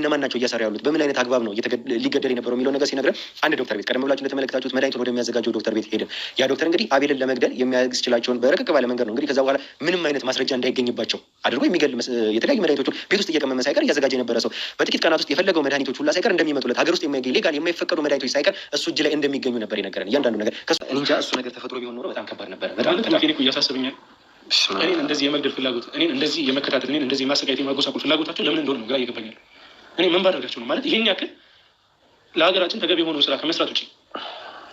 እነማን ናቸው እያሰሩ ያሉት? በምን አይነት አግባብ ነው ሊገደል የነበረው የሚለው ነገር ሲነግረን አንድ ዶክተር ቤት ቀደም ብላችሁ እንደተመለከታችሁት መድኃኒቱን ወደሚያዘጋጀው ዶክተር ቤት ሄደ። ያ ዶክተር እንግዲህ አቤልን ለመግደል የሚያስችላቸውን በረቀቅ ባለ መንገድ ነው እንግዲህ ከዛ በኋላ ምንም አይነት ማስረጃ እንዳይገኝባቸው አድርጎ የሚገል የተለያዩ መድኃኒቶች ቤት ውስጥ እየቀመመ ሳይቀር እያዘጋጀ የነበረ ሰው በጥቂት ቀናት ውስጥ የፈለገው መድኃኒቶች ሁላ ሳይቀር እንደሚመጡለት ሀገር ውስጥ የማይገኝ ሌጋል የማይፈቀዱ መድኃኒቶች ሳይቀር እሱ እጅ ላይ እንደሚገኙ ነበር ይነገረን። እያንዳንዱ ነገር እንጃ እሱ ነገር ተፈጥሮ ቢሆን ኖሮ በጣም ከባድ ነበረ። በጣም እያሳሰብኛል እኔን እንደዚህ የመግደል ፍላጎት እኔን እንደዚህ የመከታተል እኔን እንደዚህ የማሰቃየት የማጎሳቁል ፍላጎታቸው ለምን እንደሆነ ግራ እየገባኛል። እኔ ምን ባደርጋቸው ነው ማለት ይሄን ያክል ለሀገራችን ተገቢ የሆነውን ስራ ከመስራት ውጭ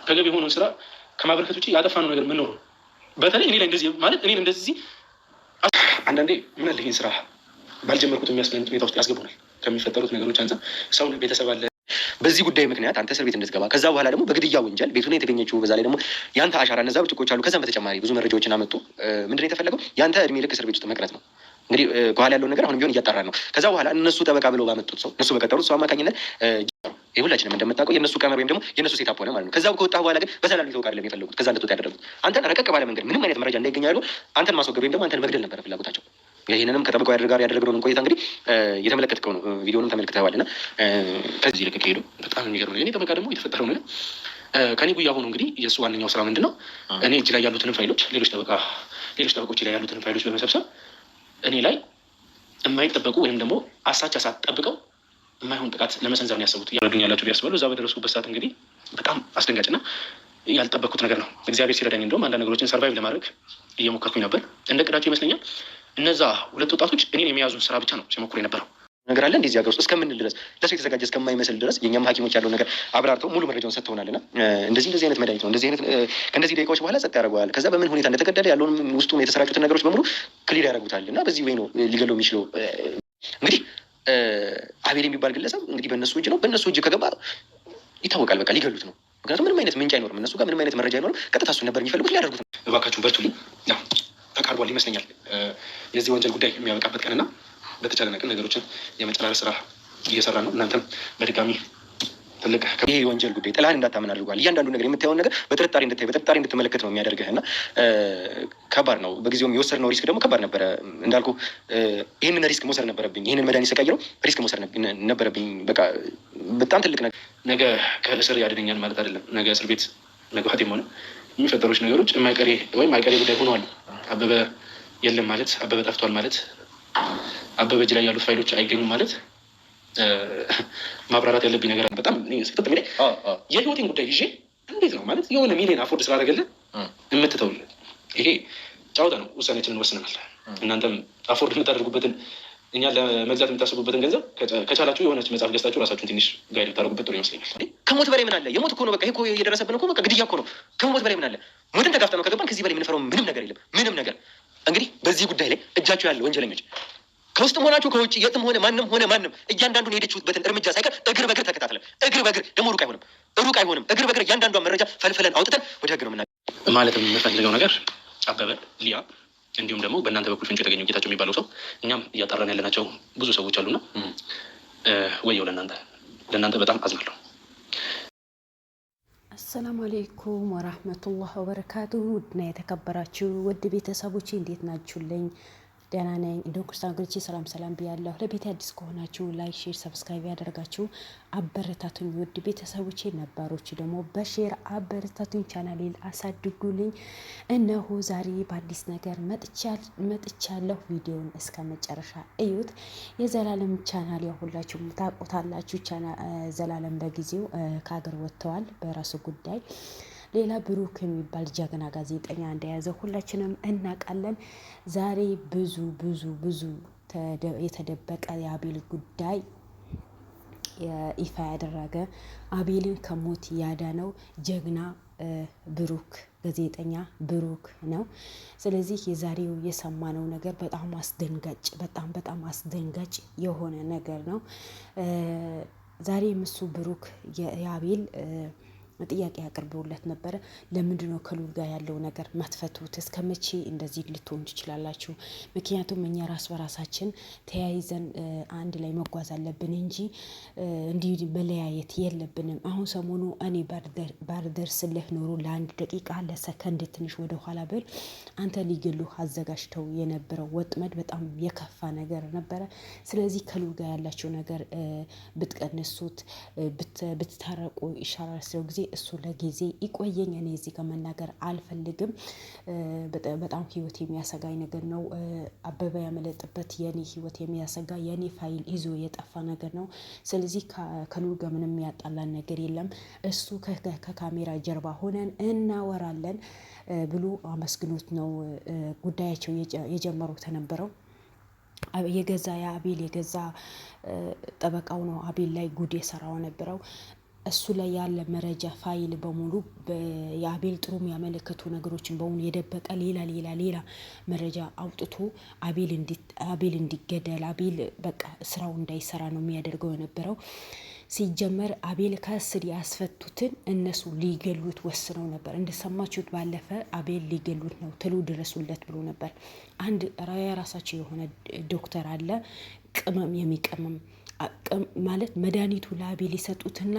ተገቢ የሆነውን ስራ ከማበረከት ውጭ ያጠፋነው ነገር ምን ኖሮ በተለይ እኔ ላይ እንደዚህ ማለት እኔ እንደዚህ አንዳንዴ ምን አለ ይህን ስራ ባልጀመርኩት የሚያስብለን ሁኔታ ውስጥ ያስገቡናል። ከሚፈጠሩት ነገሮች አንጻር ሰው ቤተሰብ አለ። በዚህ ጉዳይ ምክንያት አንተ እስር ቤት እንድትገባ ከዛ በኋላ ደግሞ በግድያ ወንጀል ቤቱ ላይ የተገኘችው በዛ ላይ ደግሞ ያንተ አሻራ እነዛ ብርጭቆች አሉ። ከዛም በተጨማሪ ብዙ መረጃዎችን አመጡ። ምንድን ነው የተፈለገው? ያንተ እድሜ ልክ እስር ቤት ውስጥ መቅረት ነው። እንግዲህ ከኋላ ያለው ነገር አሁን ቢሆን እያጣራ ነው። ከዛ በኋላ እነሱ ጠበቃ ብለው ባመጡት ሰው እነሱ በቀጠሩት ሰው አማካኝነት ሁላችንም እንደምታውቀው የእነሱ ቀመር ወይም ደግሞ የእነሱ ሴታፕ ሆነ ማለት ነው። ከዛ ከወጣ በኋላ ግን በሰላም ሊተወቅ አይደለም የፈለጉት። ከዛ እንደትወጣ ያደረጉት አንተን ረቀቅ ባለ መንገድ ምንም አይነት መረጃ ያሉ አንተን ማስወገድ ወይም ደግሞ አንተን መግደል ነበረ ፍላጎታቸው። ይህንንም ከጠበቃ ያደርግ ጋር ያደረግነውን ቆይታ እንግዲህ የተመለከትከው ነው። ቪዲዮንም ተመልክተዋል። ና ከዚህ ልቅቅ ሄዱ። በጣም የሚገርም ነው። እኔ ጠበቃ ደግሞ የተፈጠረው ነገር ከኔ ጉያ ሆኖ እንግዲህ የእሱ ዋነኛው ስራ ምንድን ነው? እኔ እጅ ላይ ያሉትንም ፋይሎች ሌሎች ጠበቃ ሌሎች ጠበቆች ላይ ያሉትን ፋይሎች በመሰብሰብ እኔ ላይ የማይጠበቁ ወይም ደግሞ አሳቻ ሳትጠብቀው የማይሆን ጥቃት ለመሰንዘር ያሰቡት። ረዱኝ ያላቸው ቢያስበሉ እዛ በደረሱበት ሰዓት እንግዲህ በጣም አስደንጋጭና ያልጠበቅኩት ነገር ነው። እግዚአብሔር ሲረዳኝ እንደውም አንዳንድ ነገሮችን ሰርቫይቭ ለማድረግ እየሞከርኩኝ ነበር። እንደ ቅዳቸው ይመስለኛል እነዛ ሁለት ወጣቶች እኔን የመያዙን ስራ ብቻ ነው ሲሞክሩ የነበረው። ነገር አለ እንደዚህ ሀገር ውስጥ እስከምንል ድረስ ለሱ የተዘጋጀ እስከማይመስል ድረስ የኛም ሐኪሞች ያለው ነገር አብራርተው ሙሉ መረጃውን ና እንደዚህ እንደዚህ አይነት መድኃኒት ነው እንደዚህ አይነት ከእንደዚህ ደቂቃዎች በኋላ ጸጥ ያደርገዋል። ከዛ በምን ሁኔታ እንደተገደለ ያለውን ውስጡም የተሰራጩትን ነገሮች በሙሉ ክሊር ያደርጉታል። እና በዚህ ወይ ነው ሊገለው የሚችለው እንግዲህ አቤል የሚባል ግለሰብ እንግዲህ በእነሱ እጅ ነው። በእነሱ እጅ ከገባ ይታወቃል፣ በቃ ሊገሉት ነው። ምክንያቱም ምንም አይነት ምንጭ አይኖርም፣ እነሱ ጋር ምንም አይነት መረጃ አይኖርም። ቀጥታ እሱን ነበር የሚፈልጉት፣ ሊያደርጉት ነው። እባካችሁን በርቱልኝ፣ ተቃርቧል ይመስለኛል የዚህ ወንጀል ጉዳይ የሚያበቃበት ቀንና በተቻለ ነገር ነገሮችን የመጨራረስ ስራ እየሰራ ነው። እናንተም በድጋሚ ትልቅ ይሄ የወንጀል ጉዳይ ጥላህን እንዳታምን አድርጓል። እያንዳንዱ ነገር የምታየውን ነገር በጥርጣሬ እንድታይ በጥርጣሬ እንድትመለከት ነው የሚያደርግህ እና ከባድ ነው። በጊዜውም የወሰድነው ሪስክ ደግሞ ከባድ ነበረ። እንዳልኩ ይህንን ሪስክ መውሰድ ነበረብኝ። ይህንን መድኃኒት ስቀይረው ሪስክ መውሰድ ነበረብኝ። በቃ በጣም ትልቅ ነገር። ነገ ከእስር ያድነኛል ማለት አይደለም። ነገ እስር ቤት ነገ ሀቴም ሆነ የሚፈጠሩች ነገሮች የማይቀሬ ወይም አይቀሬ ጉዳይ ሆነዋል። አበበ የለም ማለት አበበ ጠፍቷል ማለት አበበ እጅ ላይ ያሉት ፋይሎች አይገኙም ማለት ማብራራት ያለብኝ ነገር በጣም የህይወቴን ጉዳይ ይዤ እንዴት ነው ማለት የሆነ ሚሊዮን አፎርድ ስላደረገልን የምትተውልን ይሄ ጫወታ ነው። ውሳኔችን እንወስናል። እናንተም አፎርድ የምታደርጉበትን እኛ ለመግዛት የምታስቡበትን ገንዘብ ከቻላችሁ የሆነች መጽሐፍ ገዝታችሁ ራሳችሁን ትንሽ ጋይድ ብታደርጉበት ጥሩ ይመስለኛል። ከሞት በላይ ምን አለ? የሞት እኮ ነው። በቃ ይሄ የደረሰብን እኮ በቃ ግድያ እኮ ነው። ከሞት በላይ ምን አለ? ሞትን ተጋፍጠን ነው ከገባን ከዚህ በላይ የምንፈረው ምንም ነገር የለም። ምንም ነገር እንግዲህ በዚህ ጉዳይ ላይ እጃቸው ያለ ወንጀለኞች ከውስጥም ሆናችሁ ከውጭ የትም ሆነ ማንም ሆነ ማንም እያንዳንዱን የሄደችሁበትን እርምጃ ሳይቀር እግር በእግር ተከታትለን እግር በእግር ደግሞ ሩቅ አይሆንም ሩቅ አይሆንም እግር በእግር እያንዳንዷን መረጃ ፈልፈለን አውጥተን ወደ ህግ ነው ምና ማለት የምፈልገው ነገር አበበ ሊያ፣ እንዲሁም ደግሞ በእናንተ በኩል ፍንጭ የተገኘው ጌታቸው የሚባለው ሰው እኛም እያጣራን ያለናቸው ብዙ ሰዎች አሉና፣ ወየው ለእናንተ ለእናንተ በጣም አዝናለሁ። አሰላሙ አሌይኩም ወራህመቱላህ ወበረካቱ ውድና የተከበራችሁ ውድ ቤተሰቦች እንዴት ናችሁልኝ? ደህና ነኝ። እንደ ክርስቲያን ወገኖቼ ሰላም ሰላም ብያለሁ። ለቤት አዲስ ከሆናችሁ ላይክ፣ ሼር፣ ሰብስክራይብ ያደርጋችሁ አበረታቱኝ። ውድ ቤተሰቦቼ ነባሮች ደግሞ በሼር አበረታቱኝ፣ ቻናሌን አሳድጉልኝ። እነሆ ዛሬ በአዲስ ነገር መጥቻለሁ። ቪዲዮን እስከ መጨረሻ እዩት። የዘላለም ቻናል ያሁላችሁ ሁላችሁም ታውቁታላችሁ። ዘላለም በጊዜው ከሀገር ወጥተዋል በራሱ ጉዳይ ሌላ ብሩክ የሚባል ጀግና ጋዜጠኛ እንደያዘ ሁላችንም እናውቃለን። ዛሬ ብዙ ብዙ ብዙ የተደበቀ የአቤል ጉዳይ ይፋ ያደረገ አቤልን ከሞት ያዳነው ጀግና ብሩክ ጋዜጠኛ ብሩክ ነው። ስለዚህ የዛሬው የሰማነው ነገር በጣም አስደንጋጭ በጣም በጣም አስደንጋጭ የሆነ ነገር ነው። ዛሬም እሱ ብሩክ የአቤል ጥያቄ ያቅርበውለት ነበረ። ለምንድ ነው ከሉል ጋር ያለው ነገር መትፈቱት? እስከ መቼ እንደዚህ ልትሆን ትችላላችሁ? ምክንያቱም እኛ ራስ በራሳችን ተያይዘን አንድ ላይ መጓዝ አለብን እንጂ እንዲህ መለያየት የለብንም። አሁን ሰሞኑ እኔ ባልደርስልህ ኖሮ ለአንድ ደቂቃ ለሰከንድ ትንሽ ወደኋላ ብል አንተ ሊገሉህ አዘጋጅተው የነበረው ወጥመድ በጣም የከፋ ነገር ነበረ። ስለዚህ ከሉል ጋር ያላቸው ነገር ብትቀንሱት፣ ብትታረቁ ይሻላል ስለው ጊዜ እሱ ለጊዜ ይቆየኝ። እኔ እዚህ ጋር መናገር አልፈልግም። በጣም ህይወት የሚያሰጋኝ ነገር ነው። አበበ ያመለጥበት የኔ ህይወት የሚያሰጋ የኔ ፋይል ይዞ የጠፋ ነገር ነው። ስለዚህ ከኑር ጋር ምንም ያጣላን ነገር የለም። እሱ ከካሜራ ጀርባ ሆነን እናወራለን ብሎ አመስግኖት ነው ጉዳያቸው የጀመሩት የነበረው። የገዛ የአቤል የገዛ ጠበቃው ነው አቤል ላይ ጉድ የሰራው ነበረው። እሱ ላይ ያለ መረጃ ፋይል በሙሉ የአቤል ጥሩ የሚያመለክቱ ነገሮችን በሙሉ የደበቀ ሌላ ሌላ ሌላ መረጃ አውጥቶ አቤል እንዲገደል አቤል በቃ ስራው እንዳይሰራ ነው የሚያደርገው የነበረው። ሲጀመር አቤል ከእስር ያስፈቱትን እነሱ ሊገሉት ወስነው ነበር። እንደሰማችሁት ባለፈ አቤል ሊገሉት ነው ትሉ ድረሱለት ብሎ ነበር። አንድ የራሳቸው የሆነ ዶክተር አለ ቅመም የሚቀመም ማለት መድኃኒቱ ለአቤል የሰጡትና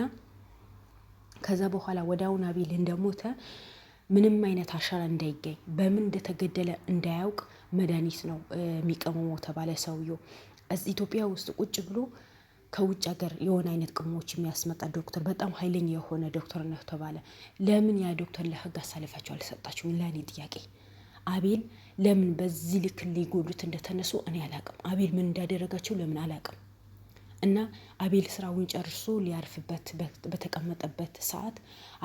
ከዛ በኋላ ወዲያውኑ አቤል እንደሞተ ምንም አይነት አሻራ እንዳይገኝ በምን እንደተገደለ እንዳያውቅ መድኃኒት ነው የሚቀመመው ተባለ። ሰውየው እዚህ ኢትዮጵያ ውስጥ ቁጭ ብሎ ከውጭ ሀገር የሆነ አይነት ቅሞች የሚያስመጣ ዶክተር፣ በጣም ኃይለኛ የሆነ ዶክተር ነው ተባለ። ለምን ያ ዶክተር ለህግ አሳልፋቸው አልሰጣችሁም? ለእኔ ጥያቄ አቤል ለምን በዚህ ልክ ሊጎዱት እንደተነሱ እኔ አላቅም። አቤል ምን እንዳደረጋቸው ለምን አላቅም። እና አቤል ስራውን ጨርሶ ሊያርፍበት በተቀመጠበት ሰዓት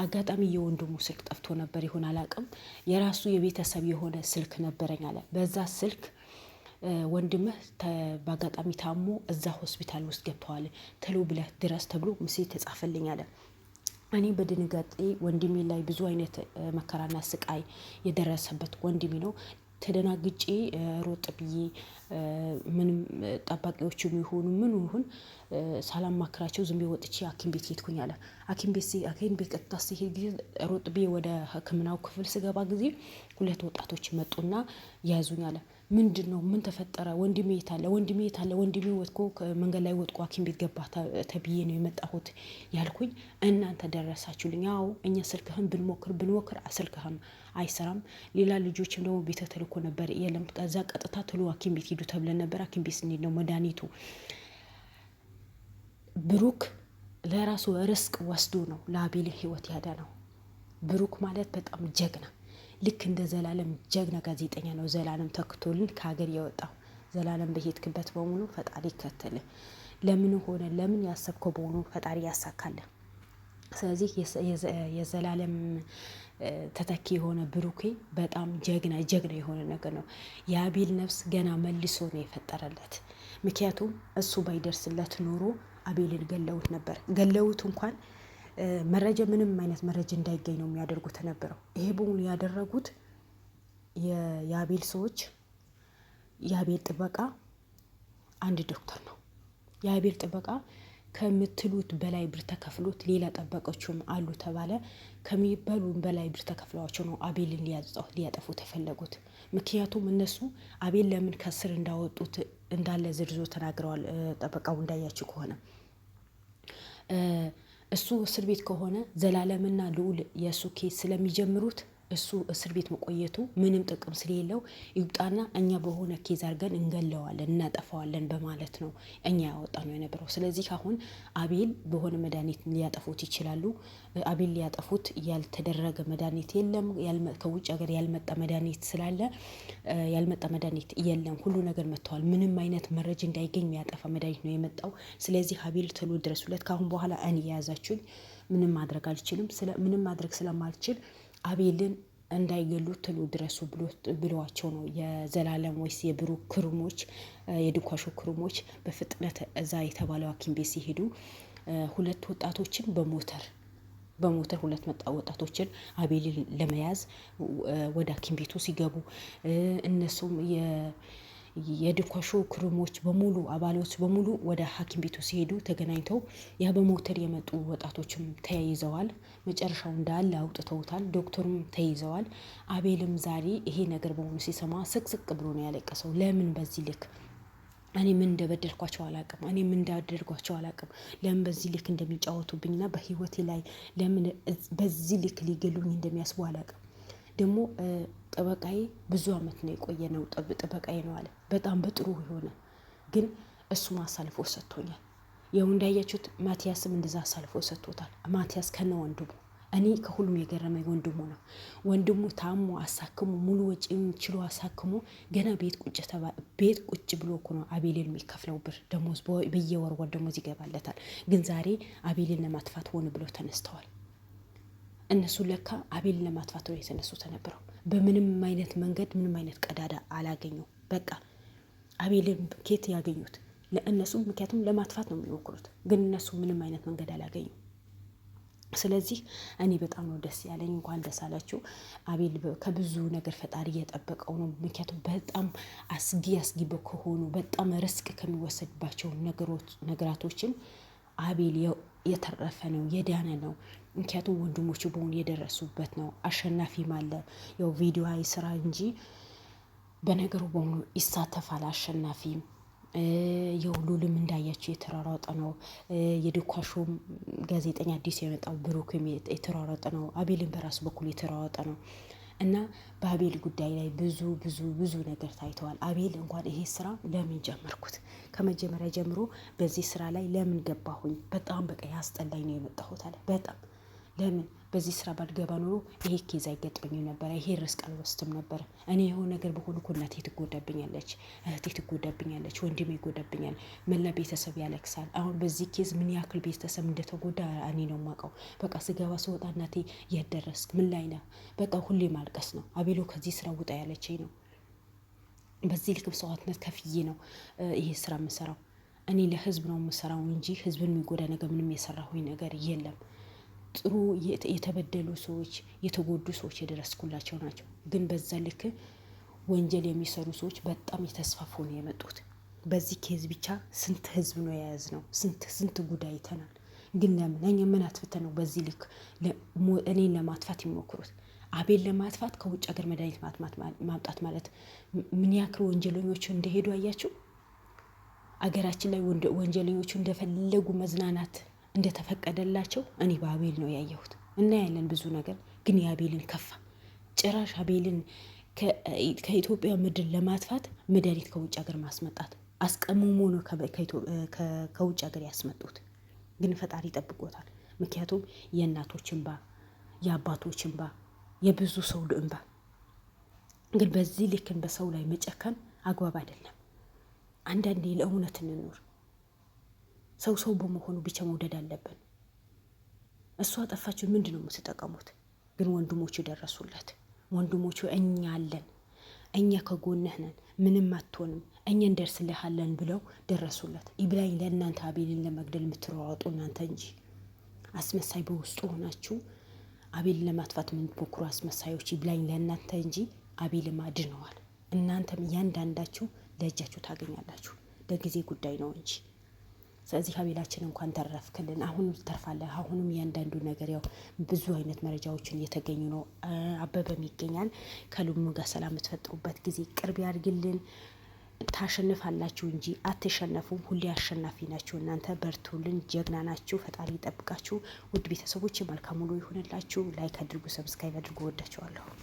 አጋጣሚ የወንድሙ ስልክ ጠፍቶ ነበር ይሆን አላቅም። የራሱ የቤተሰብ የሆነ ስልክ ነበረኝ አለ። በዛ ስልክ ወንድምህ በአጋጣሚ ታሞ እዛ ሆስፒታል ውስጥ ገብተዋል፣ ተሎ ብለህ ድረስ ተብሎ ምስል ተጻፈልኝ አለ። እኔ በድንጋጤ ወንድሜ ላይ ብዙ አይነት መከራና ስቃይ የደረሰበት ወንድሜ ነው። ተደናግጬ ሮጥ ብዬ ምንም ጠባቂዎቹ የሚሆኑ ምን ይሁን ሳላማክራቸው ዝም ብዬ ወጥቼ ሐኪም ቤት ሄድኩኝ አለ። ሐኪም ቤት ሐኪም ቤት ቀጥታ ሲሄድ ጊዜ ሮጥ ብዬ ወደ ህክምናው ክፍል ስገባ ጊዜ ሁለት ወጣቶች መጡና ያዙኝ አለ ምንድን ነው? ምን ተፈጠረ? ወንድሜ የታለ? ወንድሜ የታለ? ወንድሜ ወጥቆ መንገድ ላይ ወጥቆ ሐኪም ቤት ገባ ተብዬ ነው የመጣሁት ያልኩኝ። እናንተ ደረሳችሁልኝ። አዎ እኛ ስልክህን ብንሞክር ብንሞክር ስልክህም አይሰራም። ሌላ ልጆችም ደግሞ ቤተ ተልኮ ነበር የለም። ከዛ ቀጥታ ትሎ ሐኪም ቤት ሂዱ ተብለን ነበር። ሐኪም ቤት ስንሄድ ነው መድኃኒቱ ብሩክ ለራሱ ርስቅ ወስዶ ነው ለአቤል ህይወት ነው። ብሩክ ማለት በጣም ጀግና ልክ እንደ ዘላለም ጀግና ጋዜጠኛ ነው ዘላለም ተክቶልን ከሀገር የወጣው። ዘላለም በሄድክበት በሙሉ ፈጣሪ ይከተል ለምን ሆነ ለምን ያሰብከው በሆኑ ፈጣሪ ያሳካለ። ስለዚህ የዘላለም ተተኪ የሆነ ብሩኬ በጣም ጀግና ጀግና የሆነ ነገር ነው። የአቤል ነፍስ ገና መልሶ ነው የፈጠረለት። ምክንያቱም እሱ ባይደርስለት ኖሮ አቤልን ገለውት ነበር። ገለውት እንኳን መረጃ ምንም አይነት መረጃ እንዳይገኝ ነው የሚያደርጉት ነበረው። ይሄ በሙሉ ያደረጉት የአቤል ሰዎች የአቤል ጥበቃ አንድ ዶክተር ነው። የአቤል ጥበቃ ከምትሉት በላይ ብር ተከፍሎት ሌላ ጠበቆችም አሉ ተባለ። ከሚባሉ በላይ ብር ተከፍለዋቸው ነው አቤልን ሊያጠፉት የፈለጉት። ምክንያቱም እነሱ አቤል ለምን ከስር እንዳወጡት እንዳለ ዝርዝር ተናግረዋል። ጠበቃው እንዳያችው ከሆነ እሱ እስር ቤት ከሆነ ዘላለምና ልዑል የእሱ ኬዝ ስለሚጀምሩት እሱ እስር ቤት መቆየቱ ምንም ጥቅም ስለሌለው ይውጣና እኛ በሆነ ኬዝ አድርገን እንገለዋለን እናጠፋዋለን በማለት ነው እኛ ያወጣ ነው የነበረው። ስለዚህ አሁን አቤል በሆነ መድኃኒት ሊያጠፉት ይችላሉ። አቤል ሊያጠፉት ያልተደረገ መድኃኒት የለም። ከውጭ ሀገር ያልመጣ መድኃኒት ስላለ ያልመጣ መድኃኒት የለም። ሁሉ ነገር መጥተዋል። ምንም አይነት መረጃ እንዳይገኝ የሚያጠፋ መድኃኒት ነው የመጣው። ስለዚህ አቤል ቶሎ ድረሱለት። ከአሁን በኋላ እኔ የያዛችሁኝ ምንም ማድረግ አልችልም። ምንም ማድረግ ስለማልችል አቤልን እንዳይገሉት ትሉ ድረሱ ብለዋቸው ነው የዘላለም ወይስ የብሩክ ክሩሞች የድኳሾ ክሩሞች በፍጥነት እዛ የተባለው ሐኪም ቤት ሲሄዱ ሁለት ወጣቶችን በሞተር በሞተር ሁለት መጣ ወጣቶችን አቤልን ለመያዝ ወደ ሐኪም ቤቱ ሲገቡ እነሱም የድኮሾ ክርሞች በሙሉ አባሎች በሙሉ ወደ ሐኪም ቤቱ ሲሄዱ ተገናኝተው ያ በሞተር የመጡ ወጣቶችም ተያይዘዋል። መጨረሻው እንዳለ አውጥተውታል። ዶክተሩም ተይዘዋል። አቤልም ዛሬ ይሄ ነገር በሆኑ ሲሰማ ስቅስቅ ብሎ ነው ያለቀሰው። ለምን በዚህ ልክ እኔ ምን እንደበደልኳቸው አላቅም። እኔ ምን እንዳደርጓቸው አላቅም። ለምን በዚህ ልክ እንደሚጫወቱብኝና በህይወቴ ላይ ለምን በዚህ ልክ ሊገሉኝ እንደሚያስቡ አላቅም። ደግሞ ጠበቃዬ ብዙ አመት ነው የቆየ ነው ጠበቃዬ ነው አለ። በጣም በጥሩ የሆነ ግን እሱም አሳልፎ ሰጥቶኛል። ያው እንዳያችሁት ማቲያስም እንደዛ አሳልፎ ሰጥቶታል። ማቲያስ ከነ ወንድሙ እኔ ከሁሉም የገረመኝ ወንድሙ ነው። ወንድሙ ታሞ አሳክሞ ሙሉ ወጪ ችሎ አሳክሞ ገና ቤት ቁጭ ቤት ቁጭ ብሎ እኮ ነው አቤልን የሚከፍለው ብር ደሞዝ በየወር ወር ደሞዝ ይገባለታል። ግን ዛሬ አቤልን ለማጥፋት ሆን ብሎ ተነስተዋል። እነሱ ለካ አቤልን ለማጥፋት ነው የተነሱት ነበረው። በምንም አይነት መንገድ ምንም አይነት ቀዳዳ አላገኙ በቃ አቤልን ኬት ያገኙት ለእነሱ ምክንያቱም ለማጥፋት ነው የሚሞክሩት፣ ግን እነሱ ምንም አይነት መንገድ አላገኙም። ስለዚህ እኔ በጣም ነው ደስ ያለኝ። እንኳን ደስ አላችሁ። አቤል ከብዙ ነገር ፈጣሪ እየጠበቀው ነው። ምክንያቱም በጣም አስጊ አስጊ ከሆኑ በጣም ርስቅ ከሚወሰድባቸው ነገራቶችን አቤል የተረፈ ነው የዳነ ነው። ምክንያቱም ወንድሞቹ በሆኑ የደረሱበት ነው። አሸናፊም አለ ያው ቪዲዮ ስራ እንጂ በነገሩ በሆኑ ይሳተፋል። አሸናፊም የሁሉልም እንዳያቸው የተሯሯጠ ነው። የድኳሾም ጋዜጠኛ አዲስ የመጣው ብሩክም የተሯሯጠ ነው። አቤልም በራሱ በኩል የተሯሯጠ ነው እና በአቤል ጉዳይ ላይ ብዙ ብዙ ብዙ ነገር ታይተዋል። አቤል እንኳን ይሄ ስራ ለምን ጀመርኩት፣ ከመጀመሪያ ጀምሮ በዚህ ስራ ላይ ለምን ገባሁኝ፣ በጣም በቃ ያስጠላኝ ነው የመጣሁት አለ በጣም ለምን በዚህ ስራ ባልገባ ኖሮ ይሄ ኬዝ አይገጥመኝም ነበረ፣ ይሄ ርስቅ አልወስድም ነበረ። እኔ የሆነ ነገር በሆኑ እኮ እናቴ ትጎዳብኛለች፣ እህቴ ትጎዳብኛለች፣ ወንድሜ ይጎዳብኛል፣ መላ ቤተሰብ ያለቅሳል። አሁን በዚህ ኬዝ ምን ያክል ቤተሰብ እንደተጎዳ እኔ ነው የማውቀው። በቃ ስገባ ስወጣ እናቴ የደረስክ ምን ላይ ነህ? በቃ ሁሌ ማልቀስ ነው። አቤሎ ከዚህ ስራ ውጣ ያለችኝ ነው። በዚህ ልክም ሰዋትነት ከፍዬ ነው ይሄ ስራ የምሰራው። እኔ ለህዝብ ነው የምሰራው እንጂ ህዝብን የሚጎዳ ነገር ምንም የሰራሁኝ ነገር የለም። ጥሩ የተበደሉ ሰዎች የተጎዱ ሰዎች የደረስኩላቸው ናቸው። ግን በዛ ልክ ወንጀል የሚሰሩ ሰዎች በጣም የተስፋፉ ነው የመጡት። በዚህ ኬዝ ብቻ ስንት ህዝብ ነው የያዝነው? ስንት ስንት ጉዳይ አይተናል። ግን ለምን እኛ ምን አጥፍተን ነው በዚህ ልክ እኔን ለማጥፋት የሚሞክሩት? አቤል ለማጥፋት ከውጭ ሀገር መድኃኒት ማምጣት ማለት ምን ያክል ወንጀለኞቹ እንደሄዱ አያችሁ። አገራችን ላይ ወንጀለኞቹ እንደፈለጉ መዝናናት እንደተፈቀደላቸው እኔ በአቤል ነው ያየሁት። እናያለን ብዙ ነገር ግን የአቤልን ከፋ ጭራሽ አቤልን ከኢትዮጵያ ምድር ለማጥፋት መድኃኒት ከውጭ ሀገር ማስመጣት አስቀምሞ ነው ከውጭ ሀገር ያስመጡት። ግን ፈጣሪ ይጠብቆታል። ምክንያቱም የእናቶች እንባ፣ የአባቶች እንባ፣ የብዙ ሰው እንባ ግን በዚህ ልክን በሰው ላይ መጨከን አግባብ አይደለም። አንዳንዴ ለእውነት እንኖር። ሰው ሰው በመሆኑ ብቻ መውደድ አለብን። እሷ ጠፋችሁ ምንድን ነው የምትጠቀሙት? ግን ወንድሞቹ ደረሱለት። ወንድሞቹ እኛ አለን፣ እኛ ከጎንህ ነን፣ ምንም አትሆንም፣ እኛ እንደርስልሃለን ብለው ደረሱለት። ኢብራሂም ለእናንተ አቤልን ለመግደል የምትሯሯጡ እናንተ እንጂ አስመሳይ በውስጡ ሆናችሁ አቤልን ለማጥፋት የምትሞክሩ አስመሳዮች፣ ኢብራሂም ለእናንተ እንጂ አቤልም አድነዋል። እናንተም እያንዳንዳችሁ ለእጃችሁ ታገኛላችሁ። ለጊዜ ጉዳይ ነው እንጂ ስለዚህ ሀቤላችን እንኳን ተረፍክልን። አሁንም ትተርፋለህ። አሁንም እያንዳንዱ ነገር ያው ብዙ አይነት መረጃዎችን እየተገኙ ነው። አበበም ይገኛል። ከሉሙ ጋር ሰላም የምትፈጥሩበት ጊዜ ቅርብ ያድርግልን። ታሸንፋላችሁ እንጂ አትሸነፉም። ሁሌ አሸናፊ ናችሁ። እናንተ በርቱልን፣ ጀግና ናችሁ። ፈጣሪ ይጠብቃችሁ። ውድ ቤተሰቦች መልካም ውሎ ይሆንላችሁ። ላይክ አድርጉ፣ ሰብስክራይብ አድርጉ። ወዳችኋለሁ።